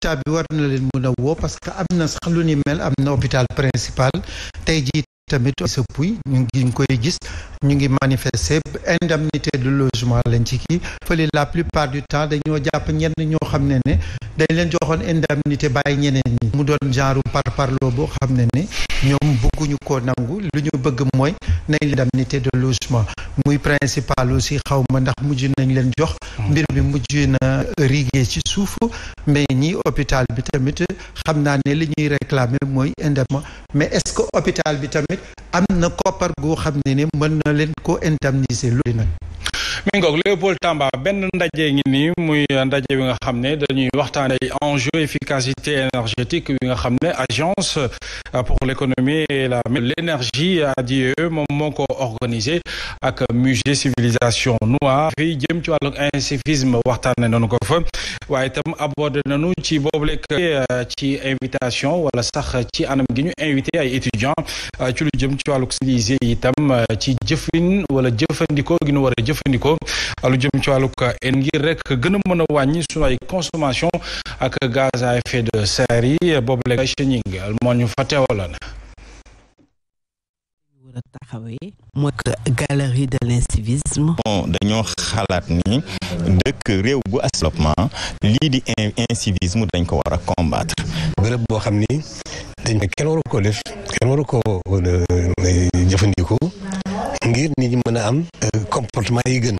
état bi war na leen mën a woo parce que am na sax lu ni mel am na hôpital principal tey jii tamit sa puy ñu ngi koy gis ñu ngi manifester indemnité de logement lañ ci kii fële la plupart du temps dañoo jàpp ñenn ñoo xam ne ne dañ leen joxoon indemnité bàyyi ñeneen ñi mu doon genre par parloo boo xam ne ne ñoom bëgguñu ko nangu lu ñu bëgg mooy nañ indemnité de logement muy principal aussi xaw ma ndax mujj nañ leen jox mbir bi mujj na rigué ci suuf mais ñi hôpital bi tamit xam naa ne li ñuy réclamer mooy indemnité mais est-ce que hôpital bi tamit am na koppar goo xam ne ni mën na leen ko indemniser loolu nag mi ngoog Léopold Tamba benn ndaje ngi nii muy ndaje bi nga xam ne dañuy waxtaane enjeu efficacité énergétique bi nga xam ne agence euh, pour l'économie et la l'énergie euh, ADIE moom moo ko organisé ak musée civilisation noire fi jëm ci wàllu incivisme waxtaane nañu ko fa waaye itam abordé nañu ci boobu lekk euh, ci invitation wala sax ci anam gi ñu invité ay étudiants ci lu jëm ci wàllu civilisé itam ci jëfin wala jëfandikoo gi ñu war jëfandikoo ko lu jëm ci wàllug ngir rek gën a mën a wàññi sunu ay consommation ak gaz à effet de serre yi boobu la Cheikh moo ñu fa teewaloon. mooy galerie de l'incivisme dañoo xalaat ni dëkk réew bu développement lii di incivisme dañ ko war a combattre bërëb boo xam ni dañ kenn waru ko def kenn waru ko jëfandikoo ngir nit ñi mën a am euh, comportement yi gën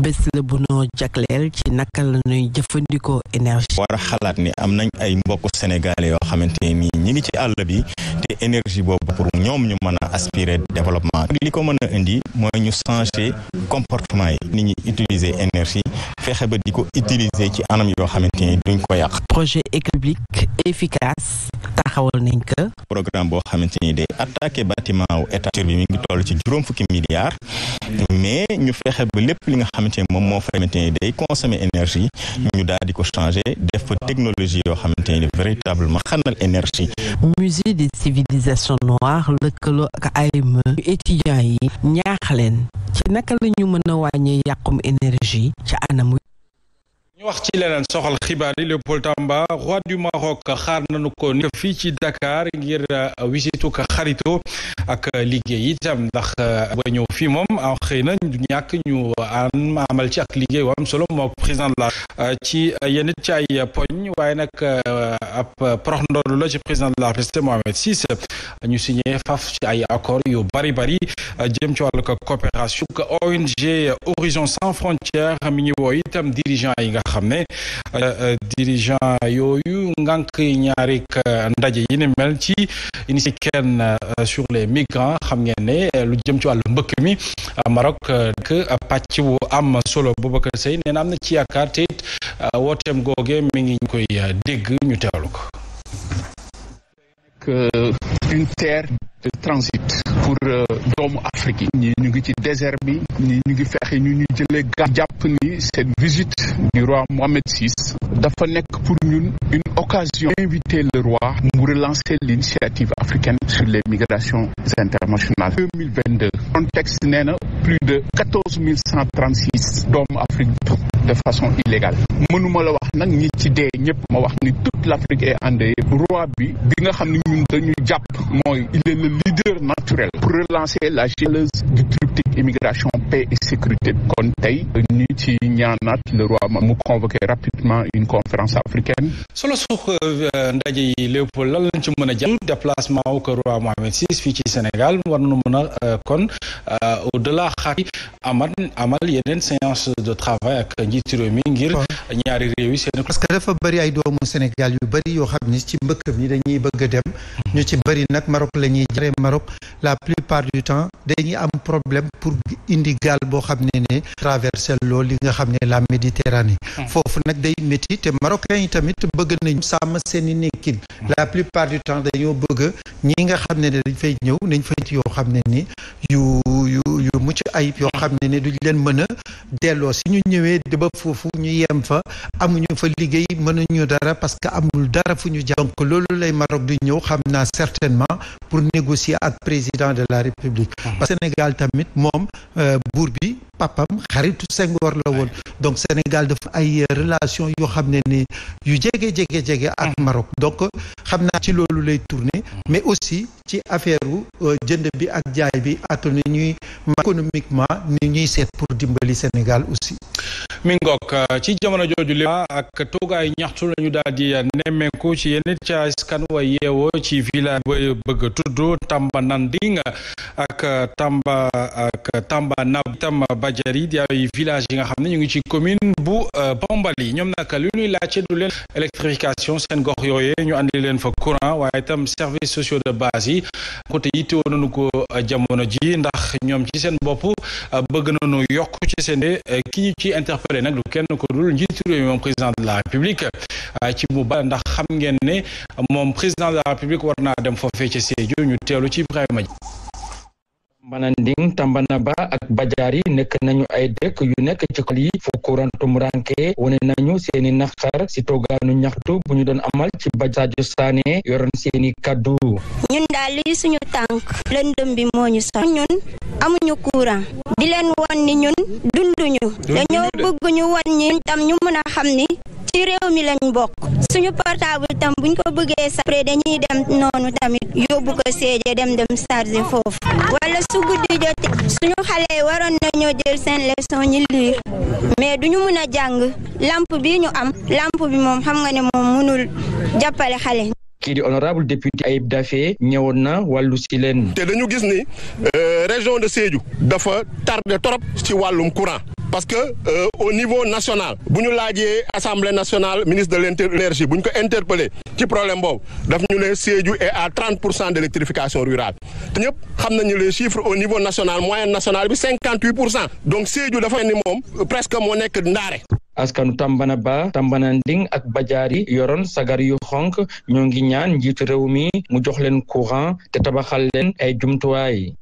bés la bu noo jagleel ci naka la ñuy jëfandikoo énergie war a xalaat ni am nañ ay mbokk sénégalais yoo xamante ni ñi ngi ci àll bi te énergie boobu pour ñoom ñu mën a aspirer développement li ko mën a indi mooy ñu changer comportement yi ni ñuy utiliser énergie fexe ba di ko utiliser ci anam yoo xamante ni duñ ko yàq projet écologique efficace taxawal nañ ko. programme boo xamante ni day attaqué bâtiment wu état bi mi ngi toll ci juróom fukki milliards mais ñu fexe ba lépp li nga xamante ni moom moo fa xamante ni day consommer énergie ñu daal di ko changer def fa technologie yoo xamante ni véritablement xanal énergie. musée des civilisations noires lëkkaloo ak AME ñu étudiants yi ñaax leen ci naka la ñu mën a wàññee yàqum énergie ci anam ñu wax ci leneen soxal xibaar yi Léopold Tamba roi du Maroc xaar nañu ko ni fii ci Dakar ngir wisitu uh, ko xarito ak uh, liggéey itam ndax uh, ba ñëw fii moom ah, xëy na ñàkk ñu amal ci ak liggéey bu am solo moo président la ci yenn ci ay poñ waaye nag ab prox ndoolu la président la République Mohamed Six ñu signé faf ci ay accord yu bari bari jëm ci wàllu coopération ONG Horizon Sans Frontières mi ñu woo itam dirigeant yi nga xam ne euh, euh, dirigeant yooyu ngànk ñaarik euh, ndaje yi ni mel ci initié kenn sur les migrants xam ngeen ne lu jëm ci wàllu mbëkk mi Maroc dëkk pàcc wu am solo Boubacar Seye nee na am na ci yaakaar te it wooteem googe mi ngi koy dégg ñu teewlu ko une terre de transit pour euh, doomu Afrique yi ñii ñu ngi ci désert bi ñii ñu ngi fexe ñu ñu jëlee ga jàpp ni cette visite du roi Mohamed VI dafa nekk pour ñun une occasion d'inviter le roi mu relancer l'initiative africaine sur les migrations internationales 2022 contexte nee na plus de quatorze mille Afrique de façon illégale mënuma la wax nag ñi ci dee ñëpp ma wax ni toute l'Afrique est endeuillée roi bi bi nga xam ne ñun dañu jàpp mooy il est le leader naturel pour relancer la gélèse du triptyque immigration paix et sécurité kon tey ñu ci ñaanaat le roi mu convoqué rapidement une conférence africaine solo suuf euh, euh, ndaje yi Léopold lan lañ ci mën a jàpp déplacement wu ko roi Mohamed VI fii ci Sénégal war na mën euh, kon xaati amal amal yeneen séance de travail ak njiitu réew mi ngir ñaari réew yi seen parce que dafa bëri ay doomu Sénégal yu bëri yoo xam ni ci mbëkkëf ñi dañuy bëgg a dem ñu ci bëri nag Maroc la ñuy jare du temps dañuy am problème pour indi boo xam ne ne traverser li nga xam ne la Méditerranée hmm. foofu nag day métti te marocain yi tamit bëgg nañu sàmm seeni nekkin hmm. la plupart du temps dañoo bëgg ñi nga xam ne ne dañ fay ñëw ne ni yu yu yu mucc mucc ayib yoo xam ne ne duñ leen mën a delloo si ñu ñëwee de ba foofu ñu yem fa amuñu fa liggéey mënuñu dara parce que amul dara fu ñu jàpp donc loolu lay Maroc du ñëw xam naa certainement pour négocier ak président de la République parce que Sénégal tamit moom euh, buur bi papam xaritu Senghor la woon donc Sénégal fa ay relation yoo xam ne ni yu jege jege jege ak Maroc donc xam naa ci loolu lay tourner mais aussi ci affaire wu euh, jënd bi ak jaay bi ak ni ñuy économiquement ni ñuy seet pour dimbali Sénégal aussi. mi ngook euh, ci jamono jooju li ak toogaay ñaxtu la ñu daal di nemmeeku ci yenn ca askan wa yeewoo ci village ba bëgg tudd Tamba Nanding ak Tamba ak Tamba Nab tam Badiary di ay village yi nga xam ne ñu ngi ci commune bu euh, Bambali ñoom nag li ñuy laajte du leen électrification seen gox ñu andi leen fa courant waaye tam services sociaux de base yi côté yitte woon nañu ko euh, jamono ji ndax ñoom ci seen bopp euh, bëgg nañu yokk ci seen ki ñu ci interpellé nag du kenn ko dul njiitu réew mi moom président de la République ci mu ba ndax xam ngeen ne moom président de la République war naa dem foofee ci Sédhiou ñu teelu ci Ibrahima ji Mananding Tambanaba ak Badiari nekk nañu ay dëkk yu nekk ci xol yi fu courant tumuranke wane nañu seeni naqar si toogaanu ñaxtu bu ñu doon amal ci Sadio Sané yoroon seeni kaddu. ñun daal li suñu tànk lëndëm bi moo ñu sax ñun amuñu courant di leen wan ni ñun dunduñu dañoo bëgg ñu ñi tam ñu mën a xam ni ci réew mi lañ bokk suñu portable tam buñ ko bëggee sa après dañuy dem noonu tamit yóbbu ko séeje dem dem charger foofu wala su guddi jote suñu xale yi waroon nañoo jël seen leçon ñi lire mais duñu mën a jàng lampe bi ñu am lampe bi moom xam nga ne moom mënul jàppale xale kii di honorable député Ayib Daffé ñëwoon na wàllu ci leen te dañu gis ni euh, région de Sédhiou dafa tardé trop ci wàllum courant parce que euh, au niveau national bu ñu laajee assemblée nationale ministre de l'énergie bu ñu ko interpellé ci problème boobu daf ñu ne Sédhiou est à 30 pour cent d'électrification rurale te ñëpp xam nañu les chiffres au niveau national moyenne nationale bi 58 pour cent donc Sédhiou dafa ni mom presque moo nekk ndaare. askanu Tambana Ba Tambana Nding ak Bajaari yoroon sagar yu xonk ñoo ngi ñaan njiitu réew mi mu jox leen courant te tabaxal leen ay jumtuwaay.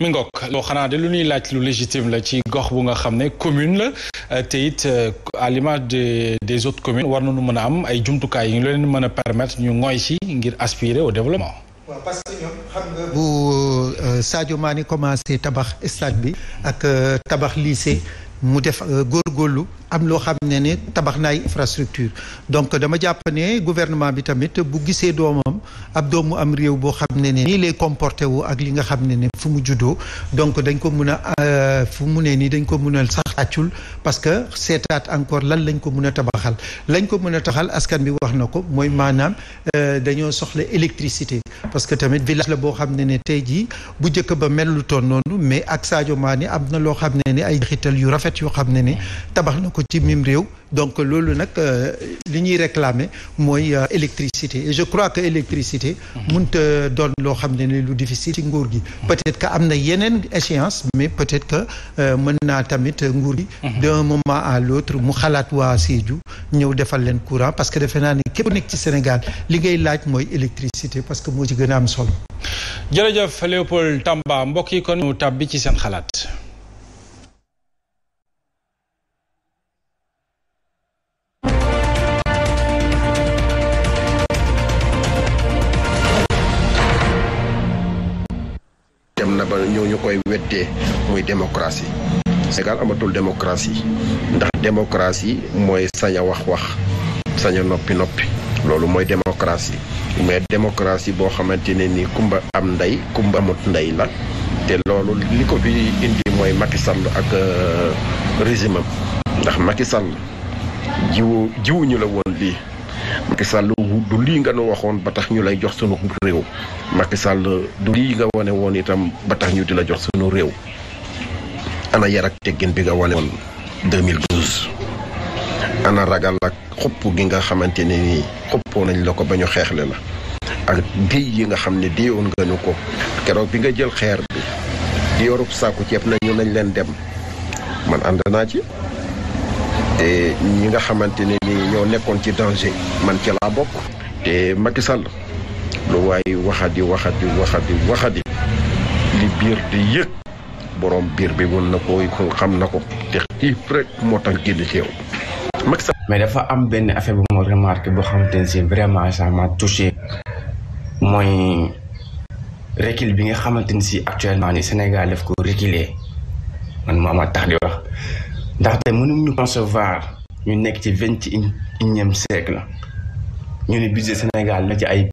mi ngoog loo xanaa de lu ñuy laaj lu légitime la ci gox bu nga xam ne commune la euh, te it euh, à l'image de des autres communes war nu mën a am ay jumtukaay yi ñu leen mën a permettre ñu ngooy si ngir aspirer au développement. waaw parce que bu euh, Sadio Mané commencé tabax stade bi ak tabax lycée mu def góorgóorlu. am loo xam ne ne tabax na infrastructure donc dama jàpp ne gouvernement bi tamit bu gisee doomam ab doomu am réew boo xam ne ne nii lay comporté woo ak li nga xam ne ne fu mu juddoo donc dañ ko mun a euh, fu mu ne nii dañ ko mun a sax tàccul parce que seetaat encore lan lañ ko mun a tabaxal lañ ko mun a taxal askan bi wax na ko mooy maanaam euh, dañoo soxla électricité parce que tamit village la boo xam ne ne tey jii bu njëkk ba mel lu noonu mais ak Sadio Mané am na loo xam ne ne ay xital yu rafet yoo xam ne ne tabax na ko ci mim réew donc loolu nag euh, li ñuy réclamer mooy euh, électricité et je crois que électricité mënta doon loo xam ne lu difficile ci nguur gi peut-être que am na yeneen échéance mais peut-être que euh, mën naa tamit nguur gi d'un moment à l'autre mu xalaat waa Sédhiou ñëw defal leen courant parce que defe naa ni képp nekk ci Sénégal li ngay laaj mooy électricité parce que moo ci gën a am solo jërëjëf Léopold Tamba mbokk yi kon ñu tàbbi ci seen xalaat ñu ñu koy weddee muy démocratie Sénégal amatul démocratie ndax démocratie mooy saña wax wax sañ noppi noppi loolu mooy démocratie mais démocratie boo xamante ne ni kumba am ndey kumba amut ndey la te loolu li ko fi indi mooy Macky Sall ak euh, régime am ndax Macky Sall jiwu ñu la woon lii Macky Sall du lii nga nu waxoon ba tax ñu lay jox sunu réew Macky Sall du lii nga wane woon itam ba tax ñu di la jox sunu réew ana yar ak teggin bi nga wane woon 2012 ana ragal ak xupp gi nga xamante ne nii xuppoo nañ la ko ba ñu xeexle la ak déy yi nga xam ne déyoon nga ñu ko keroog bi nga jël xeer bi di yorub sàkku ceeb nañu nañ leen dem man ànd naa ci te ñi nga xamante ne nii ñoo nekkoon ci danger man ci laa bokk te Macky Sall lu waay waxadi waxadi waxadi waxadi li biir di yëg borom biir bi mën na ko xam na ko te mais dafa am benn affaire bu ma remarqué boo xamante ne si vraiment ça m'a touché mooy recul bi nga xamante ni si actuellement ni Sénégal daf ko reculer man moo ma tax di wax ndaxte mënuñu concevoir ñu nekk ci vingt et unième siècle ñu ne budget Sénégal na ci ay